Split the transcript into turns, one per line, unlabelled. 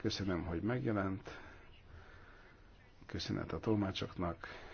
Köszönöm, hogy megjelent. Köszönet a tolmácsoknak.